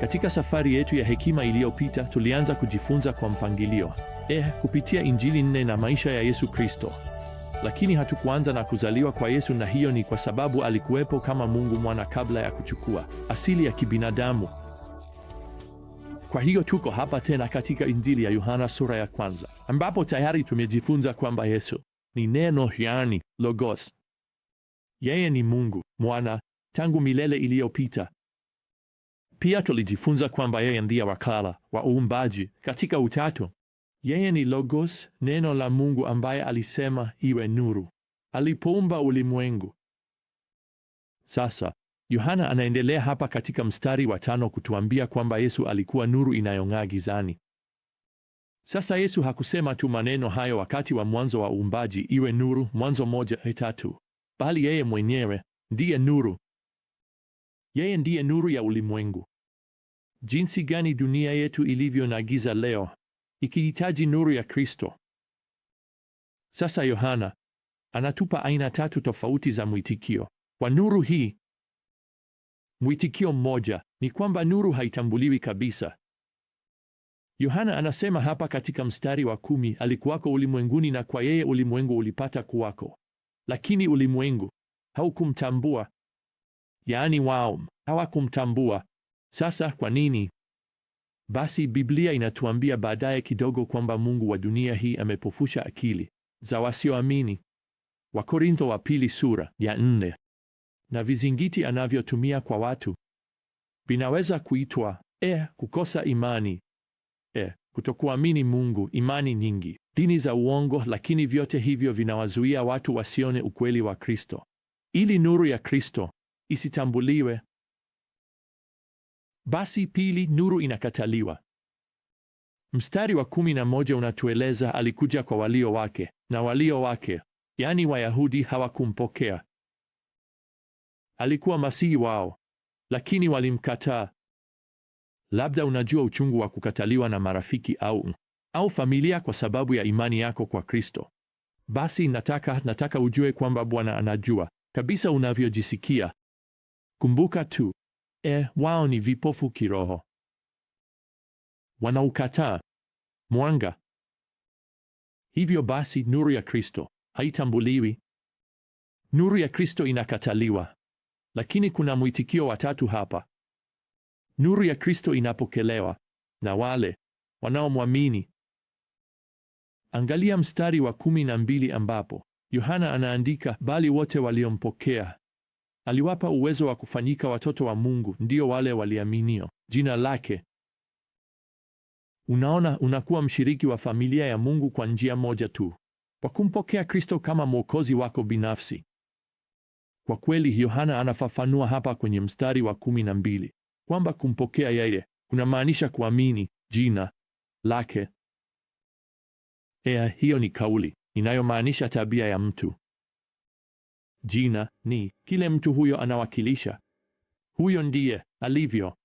Katika safari yetu ya hekima iliyopita tulianza kujifunza kwa mpangilio eh, kupitia Injili nne na maisha ya Yesu Kristo, lakini hatukuanza na kuzaliwa kwa Yesu, na hiyo ni kwa sababu alikuwepo kama Mungu mwana kabla ya kuchukua asili ya kibinadamu. Kwa hiyo tuko hapa tena katika Injili ya Yohana sura ya kwanza, ambapo tayari tumejifunza kwamba Yesu ni neno, yani logos. Yeye ni Mungu mwana tangu milele iliyopita pia tulijifunza kwamba yeye ndiye wakala wa uumbaji katika Utatu. Yeye ni Logos, neno la Mungu ambaye alisema iwe nuru alipoumba ulimwengu. Sasa Yohana anaendelea hapa katika mstari wa tano kutuambia kwamba Yesu alikuwa nuru inayong'aa gizani. Sasa Yesu hakusema tu maneno hayo wakati wa mwanzo wa uumbaji, iwe nuru, Mwanzo moja eh, tatu, bali yeye mwenyewe ndiye nuru. Yeye ndiye nuru ya ulimwengu jinsi gani dunia yetu ilivyo na giza leo, ikihitaji nuru ya Kristo. Sasa Yohana anatupa aina tatu tofauti za mwitikio kwa nuru hii. Mwitikio mmoja ni kwamba nuru haitambuliwi kabisa. Yohana anasema hapa katika mstari wa kumi, alikuwako ulimwenguni na kwa yeye ulimwengu ulipata kuwako, lakini ulimwengu haukumtambua. Yaani wao hawakumtambua. Sasa kwa nini? Basi Biblia inatuambia baadaye kidogo kwamba Mungu wa dunia hii amepofusha akili za wasioamini. Wakorintho wa pili sura ya nne. Na vizingiti anavyotumia kwa watu vinaweza kuitwa e, kukosa imani, e, kutokuamini Mungu, imani nyingi, dini za uongo, lakini vyote hivyo vinawazuia watu wasione ukweli wa Kristo ili nuru ya Kristo isitambuliwe. Basi pili, nuru inakataliwa. Mstari wa kumi na moja unatueleza alikuja kwa walio wake na walio wake, yaani Wayahudi, hawakumpokea. Alikuwa masihi wao, lakini walimkataa. Labda unajua uchungu wa kukataliwa na marafiki au au familia kwa sababu ya imani yako kwa Kristo. Basi nataka nataka ujue kwamba Bwana anajua kabisa unavyojisikia. Kumbuka tu e wao ni vipofu kiroho, wanaukataa mwanga. Hivyo basi nuru ya Kristo haitambuliwi, nuru ya Kristo inakataliwa. Lakini kuna mwitikio wa tatu hapa: nuru ya Kristo inapokelewa na wale wanaomwamini. Angalia mstari wa kumi na mbili ambapo Yohana anaandika, bali wote waliompokea Aliwapa uwezo wa kufanyika watoto wa Mungu, ndio wale waliaminio jina lake. Unaona, unakuwa mshiriki wa familia ya Mungu kwa njia moja tu, kwa kumpokea Kristo kama mwokozi wako binafsi. Kwa kweli, Yohana anafafanua hapa kwenye mstari wa kumi na mbili kwamba kumpokea yeye kunamaanisha kuamini jina lake. Ea, hiyo ni kauli inayomaanisha tabia ya mtu jina ni kile mtu huyo anawakilisha. Huyo ndiye alivyo.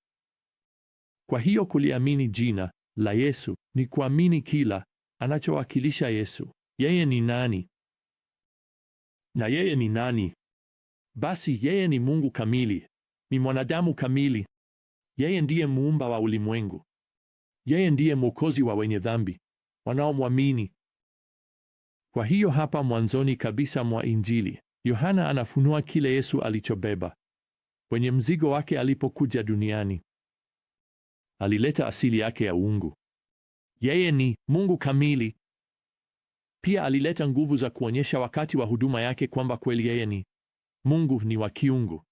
Kwa hiyo kuliamini jina la Yesu ni kuamini kila anachowakilisha Yesu. Yeye ni nani? Na yeye ni nani? Basi yeye ni Mungu kamili, ni mwanadamu kamili. Yeye ndiye muumba wa ulimwengu. Yeye ndiye mwokozi wa wenye dhambi wanaomwamini. Kwa hiyo hapa mwanzoni kabisa mwa Injili Yohana anafunua kile Yesu alichobeba kwenye mzigo wake alipokuja duniani. Alileta asili yake ya uungu. Yeye ni Mungu kamili. Pia alileta nguvu za kuonyesha wakati wa huduma yake kwamba kweli yeye ni Mungu ni wa kiungu.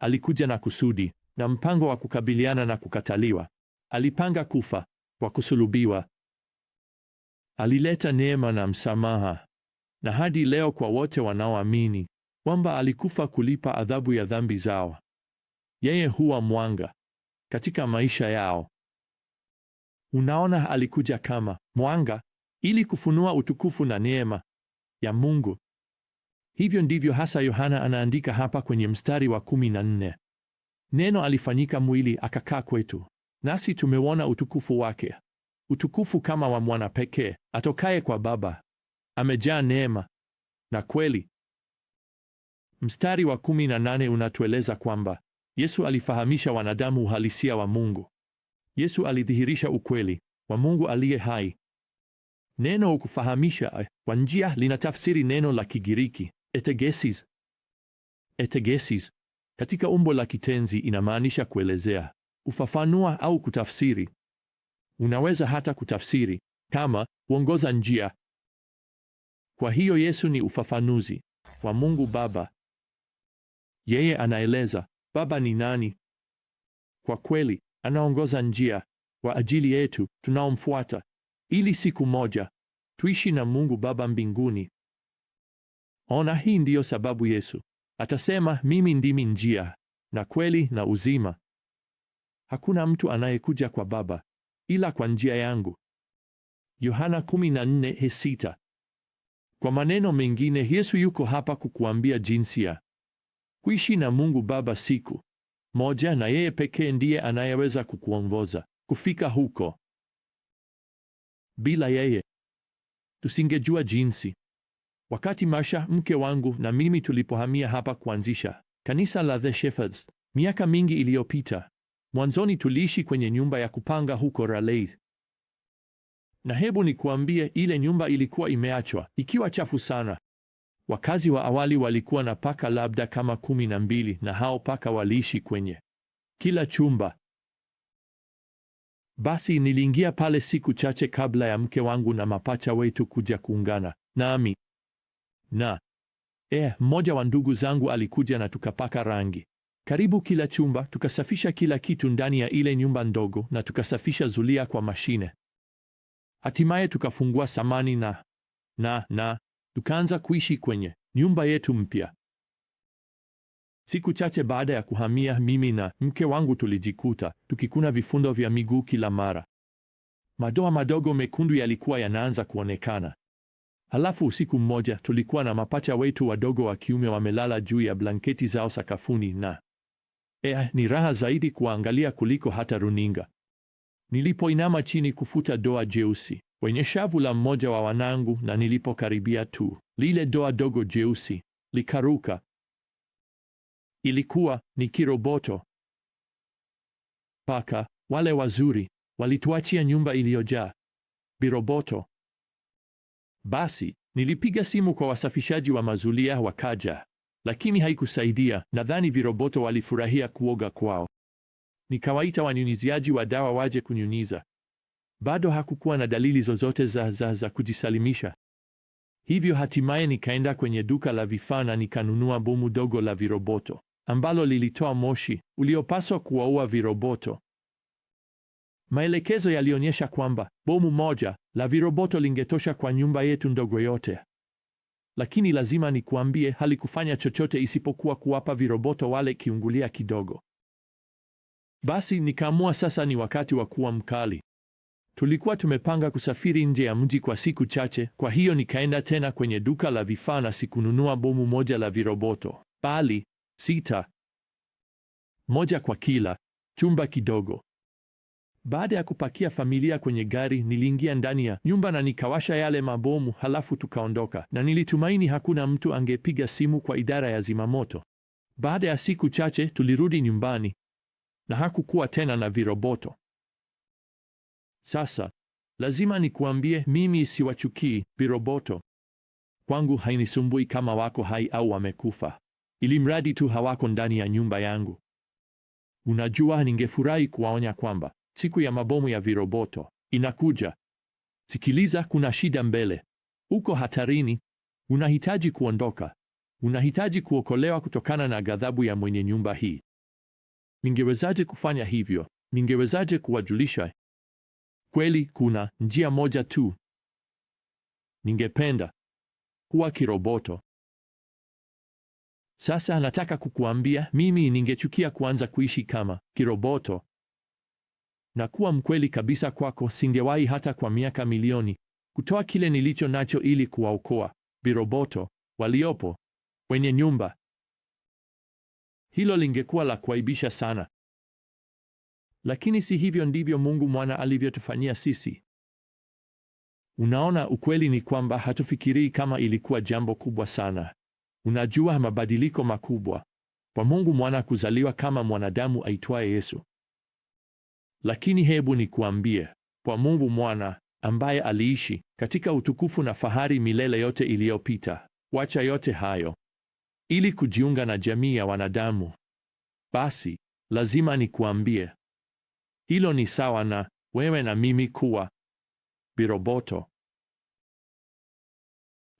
Alikuja na kusudi na mpango wa kukabiliana na kukataliwa. Alipanga kufa kwa kusulubiwa. Alileta neema na msamaha na hadi leo kwa wote wanaoamini kwamba alikufa kulipa adhabu ya dhambi zao. Yeye huwa mwanga katika maisha yao. Unaona, alikuja kama mwanga ili kufunua utukufu na neema ya Mungu. Hivyo ndivyo hasa Yohana anaandika hapa kwenye mstari wa kumi na nne. Neno alifanyika mwili akakaa kwetu, nasi tumeona utukufu wake, utukufu kama wa mwana pekee atokaye kwa Baba, amejaa neema na kweli. Mstari wa kumi na nane unatueleza kwamba Yesu alifahamisha wanadamu uhalisia wa Mungu. Yesu alidhihirisha ukweli wa Mungu aliye hai. Neno kufahamisha eh, kwa njia linatafsiri neno la Kigiriki etegesis. Etegesis katika umbo la kitenzi inamaanisha kuelezea, ufafanua au kutafsiri. Unaweza hata kutafsiri kama kuongoza njia kwa hiyo Yesu ni ufafanuzi wa Mungu Baba. Yeye anaeleza Baba ni nani. Kwa kweli, anaongoza njia kwa ajili yetu tunaomfuata, ili siku moja tuishi na Mungu Baba mbinguni. Ona, hii ndiyo sababu Yesu atasema, mimi ndimi njia na kweli na uzima. Hakuna mtu anayekuja kwa Baba ila kwa njia yangu. Yohana 14:6. Kwa maneno mengine, Yesu yuko hapa kukuambia jinsi ya kuishi na Mungu Baba siku moja, na yeye pekee ndiye anayeweza kukuongoza kufika huko. Bila yeye tusingejua jinsi. Wakati Masha mke wangu na mimi tulipohamia hapa kuanzisha kanisa la The Shepherds miaka mingi iliyopita, mwanzoni tuliishi kwenye nyumba ya kupanga huko Raleigh, na hebu nikuambie, ile nyumba ilikuwa imeachwa ikiwa chafu sana. Wakazi wa awali walikuwa na paka labda kama kumi na mbili, na hao paka waliishi kwenye kila chumba. Basi niliingia pale siku chache kabla ya mke wangu na mapacha wetu kuja kuungana nami na eh, mmoja wa ndugu zangu alikuja na tukapaka rangi karibu kila chumba, tukasafisha kila kitu ndani ya ile nyumba ndogo, na tukasafisha zulia kwa mashine hatimaye tukafungua samani na na na tukaanza kuishi kwenye nyumba yetu mpya. Siku chache baada ya kuhamia, mimi na mke wangu tulijikuta tukikuna vifundo vya miguu kila mara. Madoa madogo mekundu yalikuwa yanaanza kuonekana. Halafu usiku mmoja tulikuwa na mapacha wetu wadogo wa kiume wamelala juu ya blanketi zao sakafuni, na ea eh, ni raha zaidi kuangalia kuliko hata runinga. Nilipoinama chini kufuta doa jeusi kwenye shavu la mmoja wa wanangu, na nilipokaribia tu, lile doa dogo jeusi likaruka. Ilikuwa ni kiroboto. Paka wale wazuri walituachia nyumba iliyojaa viroboto. Basi nilipiga simu kwa wasafishaji wa mazulia, wakaja, lakini haikusaidia. Nadhani viroboto walifurahia kuoga kwao. Nikawaita wanyunyiziaji wa dawa waje kunyunyiza. Bado hakukuwa na dalili zozote za, za, za kujisalimisha. Hivyo hatimaye nikaenda kwenye duka la vifaa na nikanunua bomu dogo la viroboto ambalo lilitoa moshi uliopaswa kuwaua viroboto. Maelekezo yalionyesha kwamba bomu moja la viroboto lingetosha kwa nyumba yetu ndogo yote, lakini lazima nikuambie, halikufanya chochote isipokuwa kuwapa viroboto wale kiungulia kidogo. Basi nikaamua sasa ni wakati wa kuwa mkali. Tulikuwa tumepanga kusafiri nje ya mji kwa siku chache, kwa hiyo nikaenda tena kwenye duka la vifaa na sikununua bomu moja la viroboto, bali sita, moja kwa kila chumba kidogo. Baada ya kupakia familia kwenye gari, niliingia ndani ya nyumba na nikawasha yale mabomu, halafu tukaondoka, na nilitumaini hakuna mtu angepiga simu kwa idara ya zimamoto. Baada ya siku chache tulirudi nyumbani na hakukuwa tena na viroboto. Sasa lazima nikuambie, mimi siwachukii viroboto. Kwangu hainisumbui kama wako hai au wamekufa, ili mradi tu hawako ndani ya nyumba yangu. Unajua, ningefurahi kuwaonya kwamba siku ya mabomu ya viroboto inakuja. Sikiliza, kuna shida mbele, uko hatarini, unahitaji kuondoka, unahitaji kuokolewa kutokana na ghadhabu ya mwenye nyumba hii. Ningewezaje kufanya hivyo? Ningewezaje kuwajulisha? Kweli kuna njia moja tu. Ningependa kuwa kiroboto. Sasa nataka kukuambia, mimi ningechukia kuanza kuishi kama kiroboto. Na kuwa mkweli kabisa kwako, singewahi hata kwa miaka milioni kutoa kile nilicho nacho ili kuwaokoa viroboto waliopo kwenye nyumba hilo lingekuwa la kuaibisha sana, lakini si hivyo ndivyo Mungu mwana alivyotufanyia sisi. Unaona, ukweli ni kwamba hatufikirii kama ilikuwa jambo kubwa sana. Unajua, mabadiliko makubwa kwa Mungu mwana kuzaliwa kama mwanadamu aitwaye Yesu. Lakini hebu nikuambie, kwa Mungu mwana ambaye aliishi katika utukufu na fahari milele yote iliyopita, wacha yote hayo ili kujiunga na jamii ya wanadamu, basi lazima nikuambie, hilo ni sawa na wewe na mimi kuwa biroboto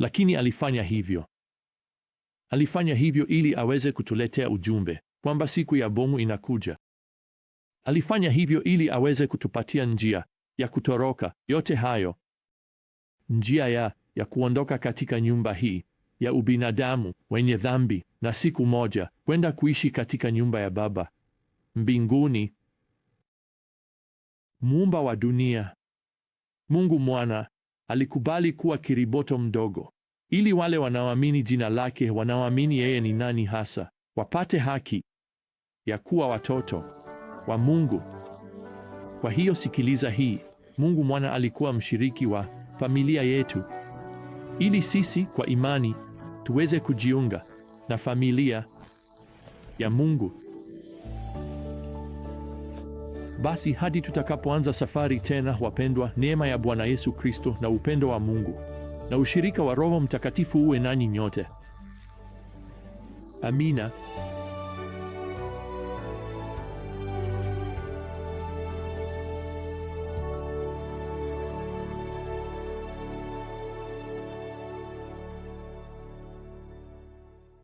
Lakini alifanya hivyo, alifanya hivyo ili aweze kutuletea ujumbe kwamba siku ya bomu inakuja. Alifanya hivyo ili aweze kutupatia njia ya kutoroka yote hayo, njia ya ya kuondoka katika nyumba hii ya ubinadamu wenye dhambi na siku moja kwenda kuishi katika nyumba ya Baba mbinguni, muumba wa dunia. Mungu Mwana alikubali kuwa kiriboto mdogo ili wale wanaoamini jina lake, wanaoamini yeye ni nani hasa, wapate haki ya kuwa watoto wa Mungu. Kwa hiyo sikiliza hii, Mungu Mwana alikuwa mshiriki wa familia yetu ili sisi kwa imani tuweze kujiunga na familia ya Mungu. Basi hadi tutakapoanza safari tena, wapendwa, neema ya Bwana Yesu Kristo na upendo wa Mungu na ushirika wa Roho Mtakatifu uwe nanyi nyote. Amina.